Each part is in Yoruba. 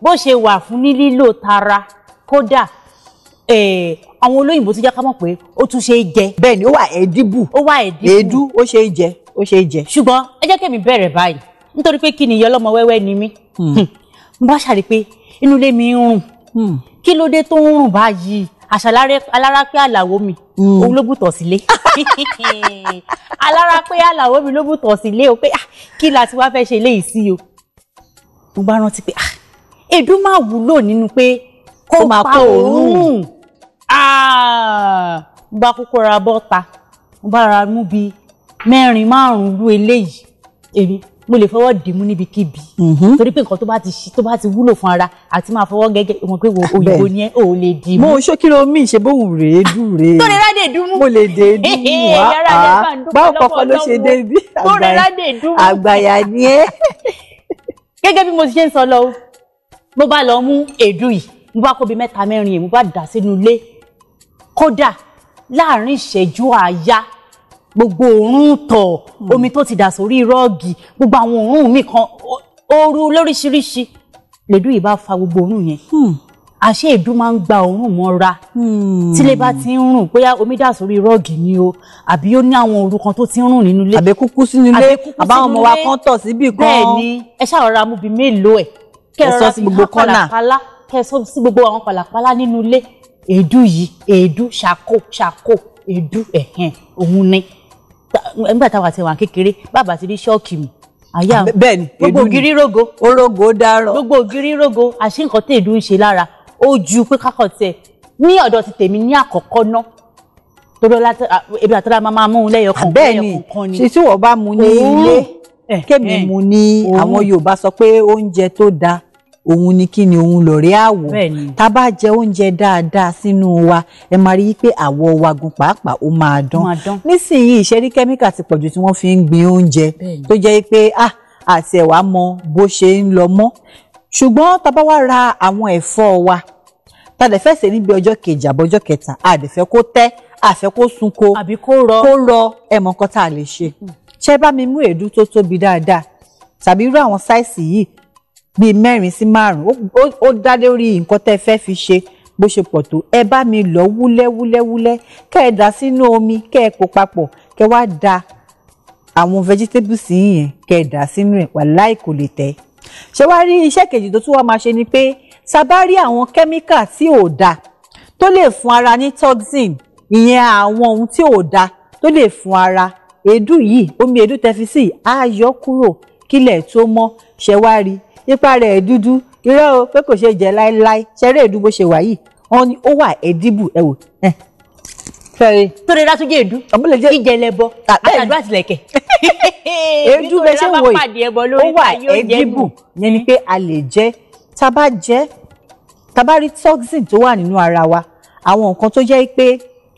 bó ṣe wà fún ní lílò tara kódà eh, àwọn olóyìnbó ti já ká mọ̀ pé ó tún ṣe é jẹ. bẹ́ẹ̀ ni ó wà edible. ó wà edible èédú ó ṣe é jẹ ó ṣe é jẹ. ṣùgbọ́n ẹ jẹ́ kẹ́mi bẹ̀rẹ̀ báyìí nítorí pé kí ni ìyá ọlọ́mọ wẹ́wẹ́ ni mí. Hmm. Hmm. mo bá ṣàrí pé inú ilé mi ń rùn hmm. kí ló dé tó ń rùn báyìí alárápẹ́ àlàwó mi òun ló bùtọ̀ sílé alárápẹ́ àlàwó mi ló bùtọ̀ sílé o pé ah, kí la ti wá fẹ́ ṣe léyìí sí o mo bá rántí pé ah Edu máa wúlò nínú pé kó máa kó òórùn ah! mo bá kúkú ra bọ́ta mo bá ra mú bíi mẹ́rin márùn-ún rú eléyìí èmi mo lè fọwọ́ dì mú níbikíbi mhm. torí pé nǹkan tó bá ti ṣí tó bá ti wúlò fún ara àti máa fọwọ́ gẹ́gẹ́ mo pé wo òyìnbó ni ẹ ò lè dì mú. mo ṣókìlọ mi ṣe bóun rèé dùn rèé tó lè rádè dùnmú mo lè dè dùnmú wá báwo kọ́kọ́ ló ṣe dé bí àgbàyà ni ẹ. gẹ́gẹ́ bí mo ṣe ń sọ lọ mo bá lọ mú èédú yìí mo bá kó bíi mẹ́ta mẹ́rin yìí mo bá dà sínú ilé kódà láàrin ìṣẹ́jú àáyá gbogbo òórùn tọ̀ hmm. omi tó ti dà sórí rọ́ọ̀gì gbogbo àwọn òórùn mi kan ooru lóríṣiríṣi lèdú yìí bá fa gbogbo òórùn yẹn hmm. àṣé èédú máa ń gba òórùn mọ́ra hmm. tílé bá ti ń rùn bóyá omi dà sórí rọ́ọ̀gì ni o àbí ó ní àwọn òru kan tó ti ń rùn nínú ilé àbẹ̀kúkú sínú ilé àbáwọn ọmọ wa kan tọ̀ síbì kan bẹ́ẹ̀ ni ẹ ṣàrọ̀ra mú bíi mélòó ẹ̀ kẹrọ sí gbogbo kọ́nà kẹsọ sí gbogbo àwọn pàlàpàlà nínú ilé èédú yìí èédú ṣàkó ṣàkó èédú ẹ̀hẹ̀n òun ni nígbà táwa ti wà kékeré bàbá ti rí ṣọ́ọ̀kì mi àyà bẹ́ẹ̀ni èédú ni gbogbo ògiri rogo orogo dárọ gbogbo ògiri rogo àṣé nǹkan tí èédú ń ṣe lára ó ju pé kákọ̀ tiẹ̀ ní ọ̀dọ̀ ti tèmi ní àkọ́kọ́ náà torí ọlá ebi àtàlà máa máa mú un lẹ́yọ̀kan lẹ́yọ̀kan kan ni. bẹ́ẹ̀ni ṣe tí wọ́n bá mú ní ilé Eh, kémi eh, mu ní àwọn Yorùbá sọ pé oúnjẹ tó dáa òun ni kí ni òun lọ̀rẹ́ àwọ̀ tá a bá jẹ oúnjẹ dáadáa sínú wa ẹ máa rí i pé àwọ̀ wa gan pàápàá ó máa dán nísìnyí ìṣẹ́rí kẹ́míkà ti pọ̀jù tí wọ́n fi ń gbin oúnjẹ tó jẹ́ pé àti ẹ̀wà mọ bó ṣe ń lọ mọ́ ṣùgbọ́n tá a bá wá ra àwọn ẹ̀fọ́ wa tá a dẹ̀ fẹ́ sè níbi ọjọ́ kejì àbọ̀jọ́ kẹta a dẹ̀ fẹ́ kó tẹ́ àfẹ́ kó sunko àbí kó rọ kó rọ ẹ̀mọ̀ kan tá a lè ṣe hmm. ṣé bá mi mú èédú tó tóbi dáadáa tàbí irú àwọn sáìsì yìí bíi mẹ́rin sí márùn-ún ó dá lórí nǹkan tẹ́ fẹ́ fi ṣe bó ṣe pọ̀ tó ẹ bá mi lọ wúlẹ́wúlẹ́wúlẹ́ kẹ́ ẹ dà sínú omi kẹ́ ẹ pò papọ̀ kẹ́ wá da àwọn vegetables yìnyẹn kẹ́ ẹ dà sínú ẹ̀ wàláì kò lè tẹ́ ṣé wá rí iṣẹ́ kejì tó tún wá máa ṣe ni pé tá bá rí àwọn kẹ́míkà tí ò dáa tó lè fún ara ní toxin ìyẹn àwọn ohun tí ò da tó lè fún ara èédú yìí omi èédú tẹfisì á yọ kúrò kílẹ̀ tó mọ́ ṣẹ̀wárí ipa rẹ̀ dúdú irọ́ o pé kò ṣe jẹ láéláé ṣẹ̀rẹ́ èédú bó ṣe wà yìí wọn ni ó wà ẹ̀díbù ẹ̀ wò fẹ́rẹ̀. tó lè dátúndé èédú ìjẹlẹbọ àtàdúrà tilẹ̀kẹ̀. èédú bẹ ṣe wò yìí ó wà ẹ̀díbù yẹn ni pé a lè jẹ tá a bá jẹ tá a bá rí toxin tó wà nínú ara wa àwọn nǹkan tó jẹ́ pé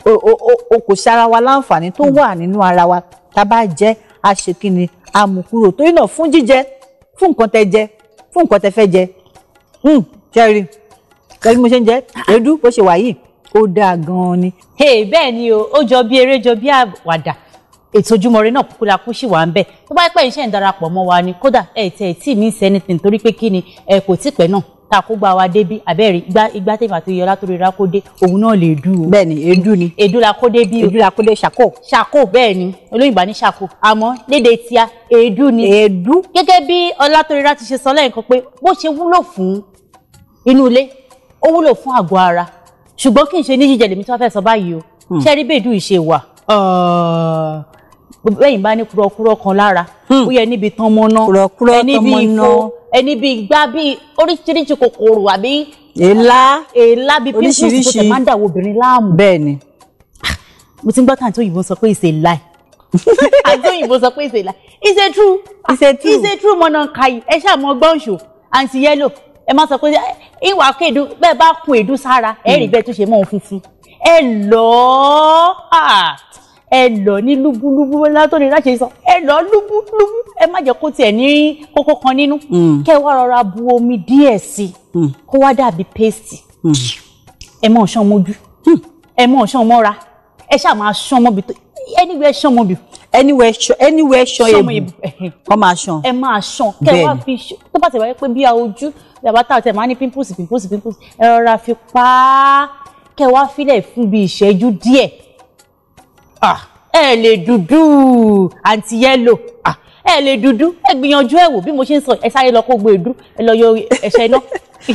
o kò ṣe ara wa láǹfààní tó wà nínú ara wa tá a bá jẹ a ṣe kí ni a mú kúrò torí náà fún jíjẹ fún nǹkan tẹ jẹ fún nǹkan tẹ fẹ́ jẹ jẹrìí hmm, pẹ̀lú mo ṣe ń jẹ èédú bó ṣe wà yìí ó dáa gan-an ni. bẹ́ẹ̀ ni o ó jọ bí eré jọ bí àwàdà ètò ojúmọ́ ire náà kúlákú sì wà ń bẹ̀ tó bá pẹ́ iṣẹ́ ń darapọ̀ mọ́ wa ni kódà ẹ̀ tẹ̀ ẹ̀ tí ì miss anything torí pé kí ni ẹ̀ kò tí pẹ́ náà ta kó gba wa débí àbẹ́rẹ́ igba igba tẹ̀fà tó yọlá tó rira òun náà lè dú o. bẹ́ẹ̀ni èédú ni Edu la kó débí o èédú la kó dé ṣàkó. ṣàkó bẹ́ẹ̀ni olóyìnbá ní ṣàkó àmọ́ léde tíá èédú ni. Edu? gẹ́gẹ́ bí ọlátórira ti ṣe sọ lẹ́yìn pé bó ṣe wúlò fún inú ilé ó wúlò fún àgọ́ ara ṣùgbọ́n kì í ṣe ní jíjẹ lèmi tó fẹ́ sọ báyìí o hmm. ṣẹ́rí bèédú ìṣe wà bẹ́yìn bá ní kúrọ́kúrọ́ kan lára ó yẹ níbi tán mọ́ ná kúrọ́kúrọ́ tán mọ́ ná ẹni bíi igbá bíi oríṣiríṣi kòkòrò àbí. èélá èélá bíi pípùsì tó tẹ̀ máa ń dàwọ̀ obìnrin láàmú. bẹ́ẹ̀ ni. Ah, mo ti ń gbọ́ tàǹtí òyìnbó sọ pé ìṣe láì àti òyìnbó sọ pé ìṣe láì ìṣe true ìṣe ah, true mọ́nà kàyí ẹ ṣáà mọ gbọ́ǹṣò àǹtí yẹ́lò ẹ má sọ pé ah, ìwà kéèdú bẹ́ẹ̀ bá kun èédú sára ẹ̀ẹ́rì hmm. bẹ́ẹ̀ tó ṣe mọ́ òun funfun ẹ lọ́ọ́ ẹ lọ ní lúbúlúbú látọ̀ni láti sọ ẹ lọ lúbúlúbú ẹ má jẹ́ kó tiẹ̀ ní kókó kan nínú mm. kẹ́ wá rọra bu omi díẹ̀ sí i mm. kó wá dàbí paste mm. ẹ mọ̀ ṣán mọ́jú ẹ mọ̀ ṣán mọ́ra ẹ ṣáà máa ṣán mọ́bi tó anywhere ṣán mọ́bi. anywhere ṣan anywhere ṣan ebu kọ́ máa ṣan. ẹ máa ṣan kẹ́ wá fi tó bá ti wáyé pé bí a ojú yàbátà tẹ̀ máa ní pimples pimples pimples ẹ rọra fi pa á kẹ́ wá filẹ̀ fún bí ìṣẹ́jú díẹ̀ Ah. ẹ lè dúdú àǹtí yẹ́lò ah. ẹ lè dúdú ẹ gbìyànjú ẹ wò bí mo ṣe ń sọ ẹ sáré lọ kó gbé èdú ẹ lọ yọ ẹ̀ṣẹ̀ náà.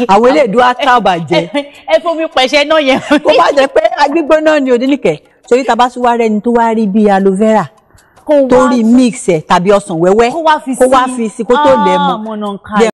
àwọn eléèdú àtàbà jẹ. ẹ fomi pẹ̀ṣẹ̀ náà yẹn. kó má jẹ pé agbígbóná ni onílìkẹ torí tá a bá tún wá rẹni tó wá rí bíi aloe vera tó rí mix ẹ tàbí ọsàn wẹ́wẹ́ kó wá fi sí kó tó lẹ̀ ah, mọ́.